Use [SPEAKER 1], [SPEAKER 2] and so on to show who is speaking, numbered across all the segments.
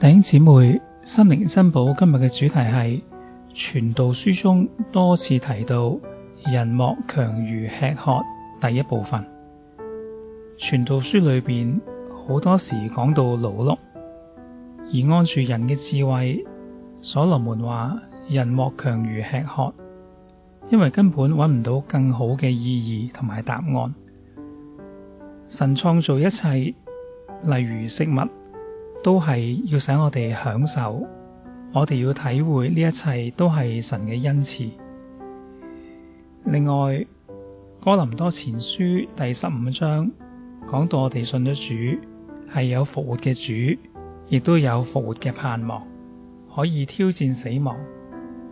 [SPEAKER 1] 弟兄姐妹，心靈珍寶今日嘅主題係《傳道書》中多次提到人莫強如吃喝。第一部分，《傳道書裏面》裏邊好多時講到老碌而安住人嘅智慧。所羅門話：人莫強如吃喝，因為根本揾唔到更好嘅意義同埋答案。神創造一切，例如食物。都係要使我哋享受，我哋要體會呢一切都係神嘅恩賜。另外，《哥林多前書》第十五章講到，我哋信咗主，係有復活嘅主，亦都有復活嘅盼望，可以挑戰死亡，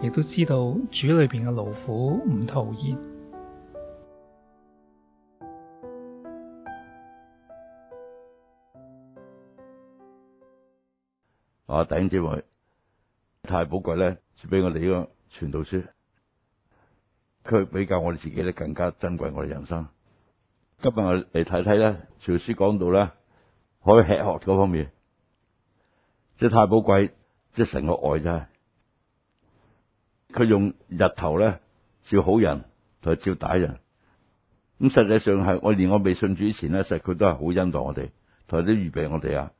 [SPEAKER 1] 亦都知道主裏邊嘅勞苦唔徒然。啊、頂我弟兄姊妹太寶貴咧，賜俾我哋呢個傳道書，佢比較我哋自己咧更加珍貴我哋人生。今日我嚟睇睇咧，傳道書講到咧，可以吃喝嗰方面，即係太寶貴，即係神個愛真係。佢用日頭咧照好人同照歹人，咁實際上係我連我未信主以前咧，其實佢都係好恩待我哋，同埋都預備我哋啊。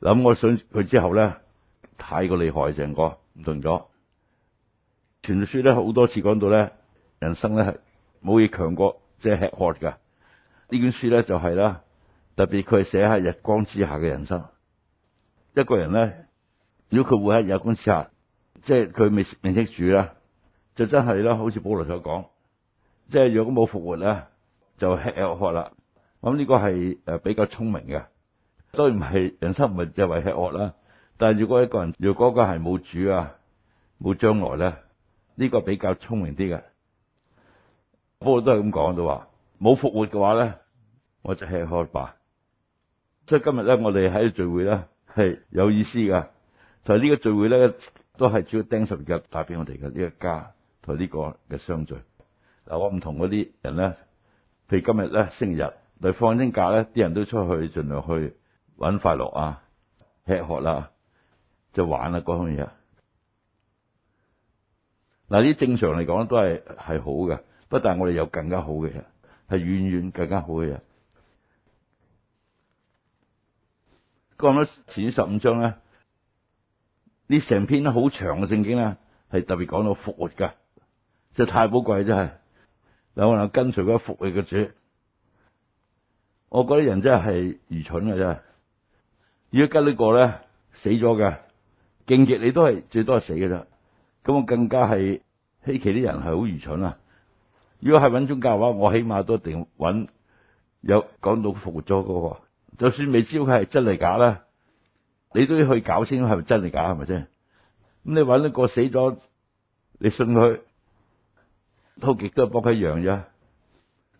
[SPEAKER 1] 諗我想佢之後咧太過厲害，成個唔同咗。傳道書咧好多次講到咧，人生咧冇嘢強過，即係吃喝噶。呢卷書咧就係、是、啦，特別佢係寫喺日光之下嘅人生。一個人咧，如果佢會喺日光之下，即係佢未認識主啦，就真係啦，好似保羅所講，即係如果冇復活咧，就吃又喝啦。咁、這、呢個係誒比較聰明嘅。都唔係人生唔係就為吃喝啦，但係如果一個人若嗰個係冇主啊，冇將來咧，呢個比較聰明啲嘅。不過都係咁講到話冇復活嘅話咧，我就吃喝吧。即係今日咧，我哋喺度聚會咧係有意思㗎。同埋呢個聚會咧都係主要釘十二日帶俾我哋嘅呢個家同呢個嘅相聚。嗱，我唔同嗰啲人咧，譬如今日咧星期日嚟放緊假咧，啲人都出去盡量去。搵快樂啊，吃喝啦、啊，就玩啦、啊，嗰方面嘢。嗱，啲正常嚟講都係係好嘅，不但係我哋有更加好嘅嘢，係遠遠更加好嘅嘢。講到前十五章咧，呢成篇好長嘅聖經咧，係特別講到復活嘅，就是、太寶貴真係。有冇人跟隨嗰個復活嘅主？我覺得人真係愚蠢嘅真如果跟呢個咧死咗嘅，勁極你都係最多係死嘅啫。咁我更加係稀奇啲人係好愚蠢啦。如果係揾宗教嘅話，我起碼都一定揾有講到復活咗嗰個，就算未知佢係真定假啦。你都要去搞清楚，係咪真定假係咪先？咁你揾呢個死咗，你信佢都極都係幫佢養啫。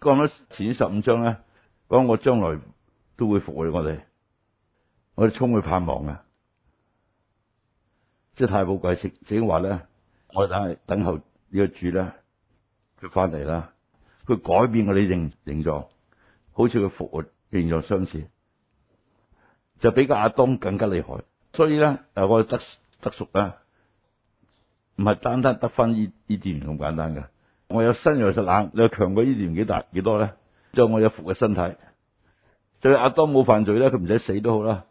[SPEAKER 1] 講咗前十五章咧，講我將來都會復活我哋。我哋沖去盼望啊！即係太寶貴，聖聖話咧，我等係等候呢個主咧，佢翻嚟啦，佢改變我哋形形狀，好似佢復活形狀相似，就比個阿當更加厲害。所以咧，誒，我得得贖啦，唔係單單得翻呢呢唔咁簡單嘅。我有身又實冷，又強過呢啲唔幾大幾多咧？就我有復活身體，就係阿當冇犯罪咧，佢唔使死都好啦。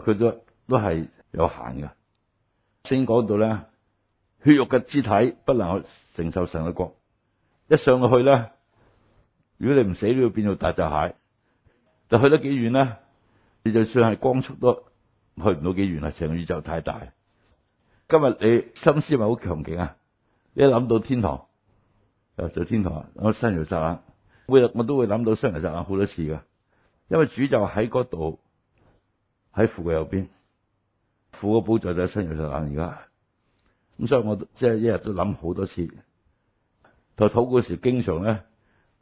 [SPEAKER 1] 佢都都係有限嘅。先講到咧，血肉嘅肢體不能夠承受神嘅國。一上到去咧，如果你唔死，都要變做大閘蟹。就去得幾遠咧？你就算係光速都去唔到幾遠啊！成個宇宙太大。今日你心思咪好強勁啊！你一諗到天堂，就天堂，我新耶路撒冷，每日我都會諗到新耶路撒冷好多次噶。因為主就喺嗰度。喺父嘅右邊，父嘅寶座就喺新耶路撒冷而家。咁所以我即係一日都諗好多次。在禱告時，經常咧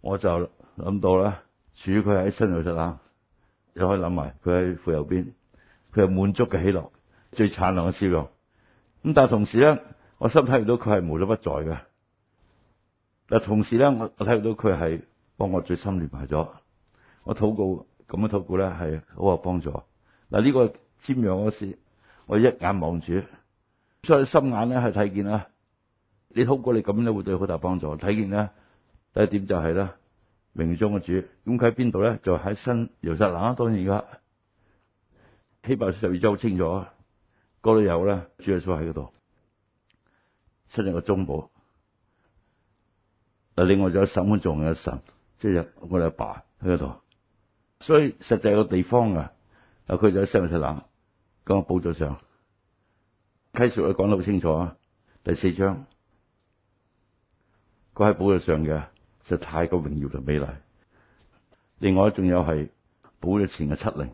[SPEAKER 1] 我就諗到咧，處於佢喺新耶路撒冷，又可以諗埋佢喺父右邊，佢係滿足嘅喜樂，最燦爛嘅笑容。咁但係同時咧，我心睇到佢係無處不在嘅。但同時咧，我我我睇到佢係幫我最深連埋咗。我禱告咁樣禱告咧，係好有幫助。嗱，呢個瞻仰嗰時，我一眼望住，所以心眼咧係睇見啦。你好過你咁咧，會對好大幫助。睇見咧第一點就係、是、啦，明中嘅主咁喺邊度咧？就喺、是、新耶路撒冷當然而家，希伯來書十二章清楚，嗰度有咧主耶穌喺嗰度，身著個中保，嗱，另外仲有審判眾人嘅神，即、就、係、是、我哋阿爸喺嗰度，所以實際有個地方啊。有佢就喺西唔出南，咁我寶座上。啟示錄佢講得好清楚啊，第四章，佢喺寶座上嘅就太過榮耀同美麗。另外仲有係寶座前嘅七靈，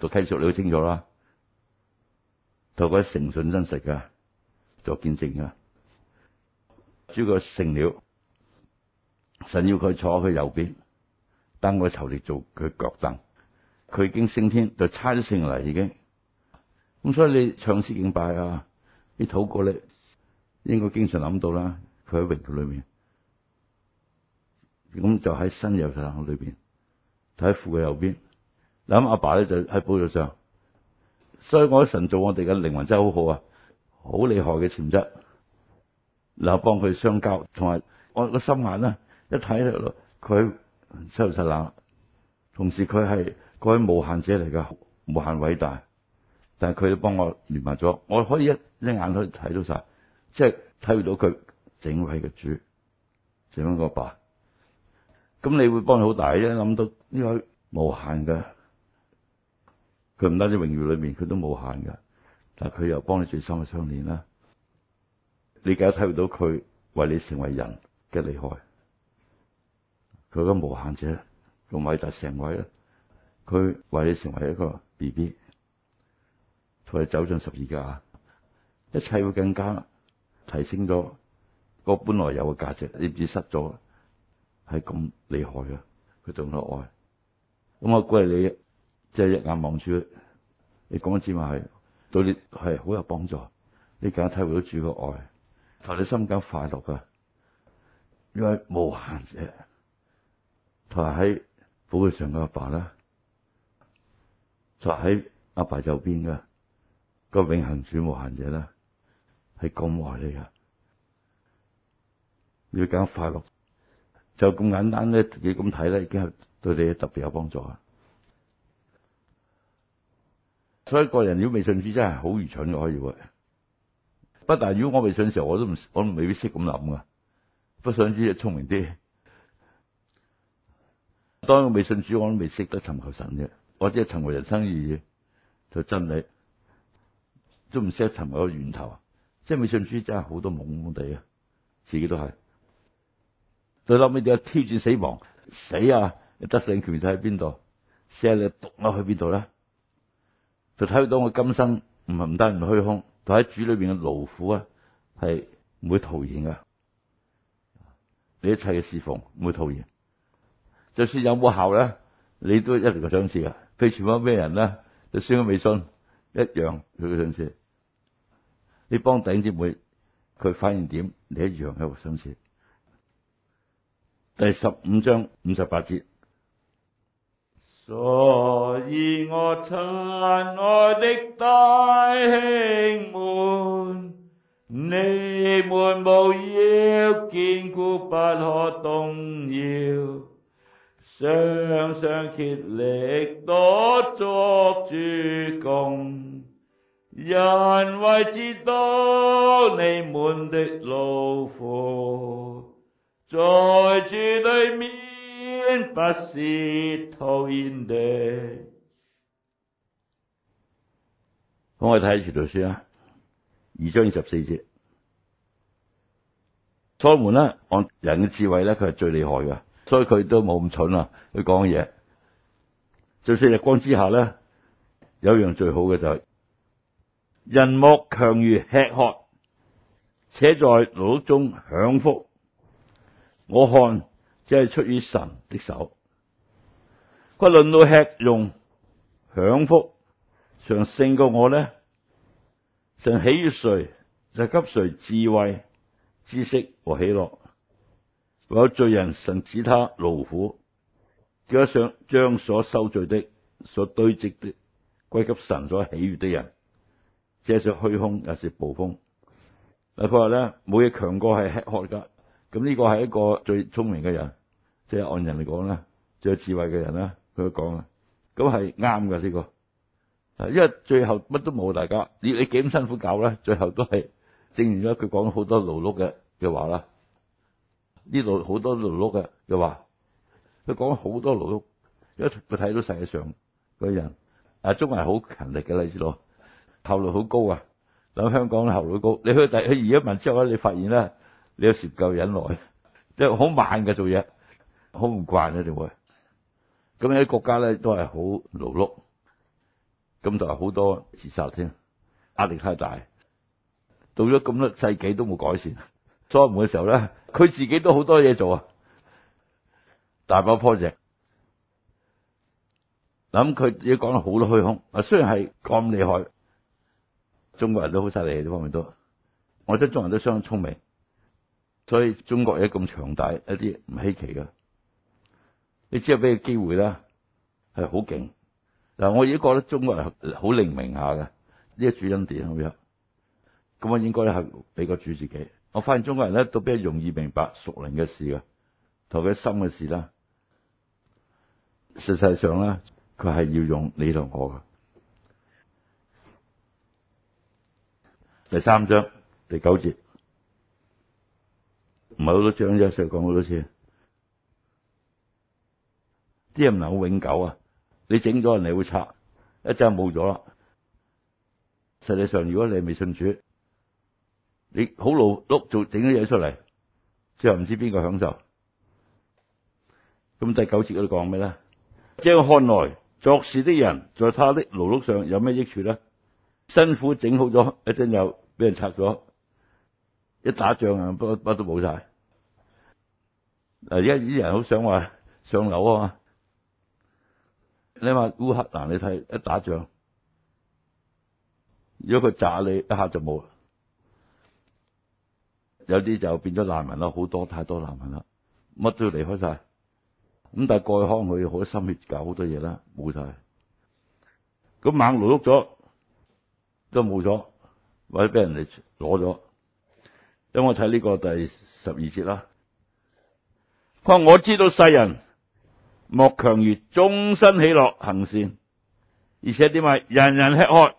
[SPEAKER 1] 讀啟示錄你好清楚啦。佢係誠信真實嘅，作見證嘅。諸個聖了，神要佢坐喺佢右邊，等佢仇敵嚟做佢腳凳。佢已經升天，就差咗聖靈嚟，已經。咁所以你唱詩敬拜啊，你禱告咧應該經常諗到啦。佢喺榮堂裏面，咁就喺新耶路撒冷裏面，就喺父嘅右邊。諗阿爸咧就喺寶座上。所以我覺得神造我哋嘅靈魂真係好好啊，好厲害嘅潛質。嗱，幫佢相交，同埋我個心眼咧一睇佢喺新耶路撒冷，同時佢係。個位無限者嚟噶，無限偉大，但係佢都幫我聯埋咗，我可以一一眼去睇到晒，即係體會到佢整位嘅主，整翻個爸爸。咁你會幫你好大啫，諗到呢個無限嘅，佢唔單止榮耀裏面，佢都無限噶，但係佢又幫你最深嘅相連啦。你梗係體會到佢為你成為人嘅厲害，佢、個無限者咁偉大，成位啦。佢為你成為一個 BB，同你走上十字架，一切會更加提升咗個本來有嘅價值。你唔知失咗係咁厲害嘅，佢仲有愛。咁我估你，即係一眼望住佢，你說是。講一次話係對你係好有幫助，你更加體會到主嘅愛，同你心間快樂噶，因為無限者同埋喺寶貴上嘅阿爸啦。就喺阿爸右邊㗎個永恒主無限者啦，係咁話你噶，要揀快樂就咁簡單咧，自己咁睇咧，已經係對你特別有幫助啊！所以個人如果未信主，真係好愚蠢嘅可以，不但如果我未信嘅時候，我都唔，我未必識咁諗噶，不想主嘅聰明啲，當個未信主，我都未識得尋求神啫。我只係尋回人生意義、就真理，都唔識得尋回個源頭。即係未信主真係好多懵懵地啊，自己都係。再諗起點解挑戰死亡，死啊，你得勝權就喺邊度？死你毒啊，去邊度咧？就睇到我今生唔係唔單，唔虛空，就喺主裏邊嘅勞苦啊，係唔會徒然嘅。你一切嘅侍奉唔會徒然，就算有冇效咧？你都一嚟個相似嘅，譬如全班咩人咧，就算個微信，一樣佢嘅相似。你幫頂姐妹，佢發現點，你一樣喺度相似。第十五章五十八節。所以，我親愛的弟兄們，你們務要堅固，不可搖動。常常竭力多作主，工；因為知道，你們的勞苦，在主裡面不是徒然的。咁我睇傳道書啊，二章二十四節，初門咧，按人嘅智慧咧，佢係最厲害嘅。所以佢都冇咁蠢啊，佢講嘢。就算日光之下咧，有樣最好嘅就係、是、人莫強如吃喝，且在勞碌中享福。我看，即係出於神的手。佢論到吃用享福，常勝過我咧，常喜悅誰，就給誰智慧、知識和喜樂。惟有罪人，神使他勞苦，叫他將所收聚的、所堆積的歸給神所喜悅的人，借着虛空也是捕風。嗱、啊，佢話咧，冇嘢強過係吃喝噶。咁呢個係一個最聰明嘅人，即係按人嚟講咧，最有智慧嘅人啦。佢都講啊，咁係啱噶呢個，因為最後乜都冇，大家你你幾咁辛苦搞咧，最後都係證明咗佢講好多勞碌嘅嘅話啦。呢度好多勞碌嘅，又話佢講好多勞碌，因為佢睇到世界上啲人啊，中國好勤力嘅例子咯，頭腦好高啊！喺香港頭腦高，你去第去移民之後咧，你發現咧你有時唔夠忍耐，即係好慢嘅做嘢，好唔慣啊！你會咁樣啲國家咧都係好勞碌，咁就係好多自殺添，壓力太大，到咗咁多世紀都冇改善。災難嘅時候咧。佢自己都好多嘢做啊，大把 project，諗佢已經講咗好多虛空啊。雖然係咁厲害，中國人都好犀利，呢方面都，我覺得中國人都相當聰明，所以中國有長，一咁強大一啲唔稀奇嘅。你只要俾個機會啦，係好勁。嗱，我已經覺得中國人好靈明下噶，呢、這個主恩典咁樣，咁啊應該係俾個主自己。我發現中國人咧都比較容易明白熟人嘅事嘅，同佢心嘅事啦。實際上咧，佢係要用你同我嘅。第三章第九節，唔係好多章啫，成日講好多次。啲嘢唔係好永久啊！你整咗人哋會拆，一陣冇咗啦。實際上，如果你係未信主。你好勞碌做整啲嘢出嚟，之後唔知邊個享受？咁第九節佢講咩咧？即係看來，作事的人，在他的勞碌上有咩益處咧？辛苦整好咗，一陣又俾人拆咗，一打仗，乜乜都冇晒。嗱，而家啲人好想話上樓啊嘛？你話烏克蘭，你睇一打仗，如果佢炸你，一下就冇有啲就變咗難民啦，好多太多難民啦，乜都要離開晒。咁但係過去可能佢好心血搞好多嘢啦，冇晒。咁猛勞碌咗都冇咗，或者俾人哋攞咗。因我睇呢個第十二節啦，佢話我知道世人莫強如終身喜樂行善，而且點話人人吃喝，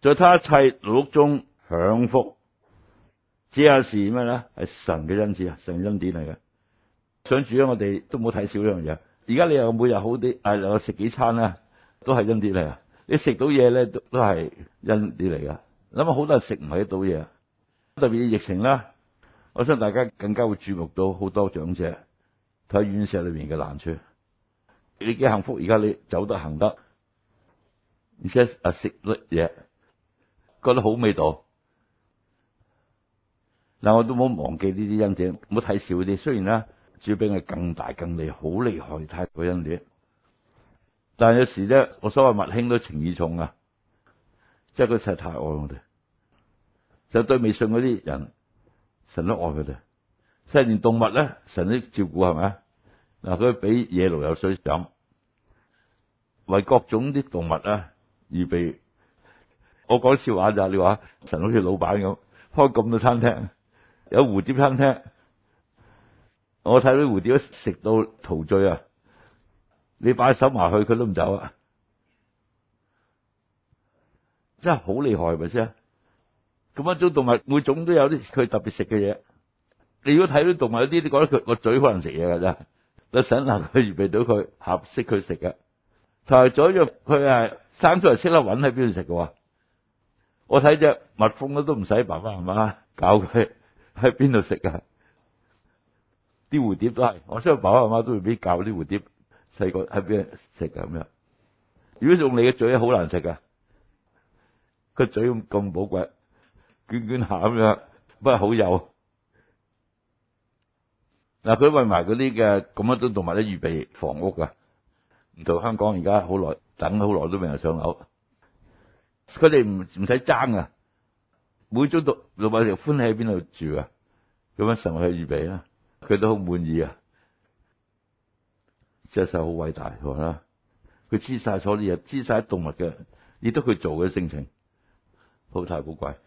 [SPEAKER 1] 在他一切勞碌中享福。只有事咩咧？係神嘅恩賜啊，神嘅恩典嚟嘅。想主啊，我哋都冇睇少呢樣嘢。而家你又每日好啲，誒、哎，又食幾餐啦，都係恩典嚟啊！你食到嘢咧，都都係恩典嚟噶。諗下好多人食唔得到嘢，特別疫情啦，我相信大家更加會注目到好多長者喺院舍裏面嘅難處。你幾幸福？而家你走得行得，而且啊，食乜嘢覺得好味道。嗱，我都冇忘記呢啲恩典，冇睇少啲。雖然咧，主俾佢更大、更利、好厲害太多恩典，但係有時咧，我所謂物輕都情意重啊，即係佢實太愛我哋。就對未信嗰啲人，神都愛佢哋。甚至連動物咧，神都照顧，係咪啊？嗱，佢俾野驢有水飲，為各種啲動物啊預備。我講笑話咋？你話神好似老闆咁，開咁多餐廳。有蝴蝶餐廳，我睇到蝴蝶食到陶醉啊！你擺手埋去，佢都唔走啊！真係好厲害，咪先？咁一種動物每種都有啲佢特別食嘅嘢。你如果睇到動物有啲，你覺得佢個嘴可能食嘢噶啫？你神下佢預備到佢合適佢食嘅。同埋左右佢係生出嚟，識得搵喺邊度食嘅。我睇隻蜜蜂都唔使爸爸媽媽教佢喺邊度食噶？啲蝴蝶都係，我相信爸爸媽媽都會俾教啲蝴蝶細個喺邊食噶咁樣。如果是用你嘅嘴，好難食噶。個嘴咁寶貴，捲捲下咁樣，不過好幼。嗱、啊，佢喂埋嗰啲嘅咁多種動物都同埋啲預備房屋噶。唔同香港而家好耐等，好耐都未有上樓。佢哋唔唔使爭啊！每朝到老百姓歡喜喺邊度住啊？咁樣神去預備啊，佢都好滿意啊！隻手好偉大，係嘛？佢知晒坐你入，知曬動物嘅，亦都佢做嘅性情，好太古怪。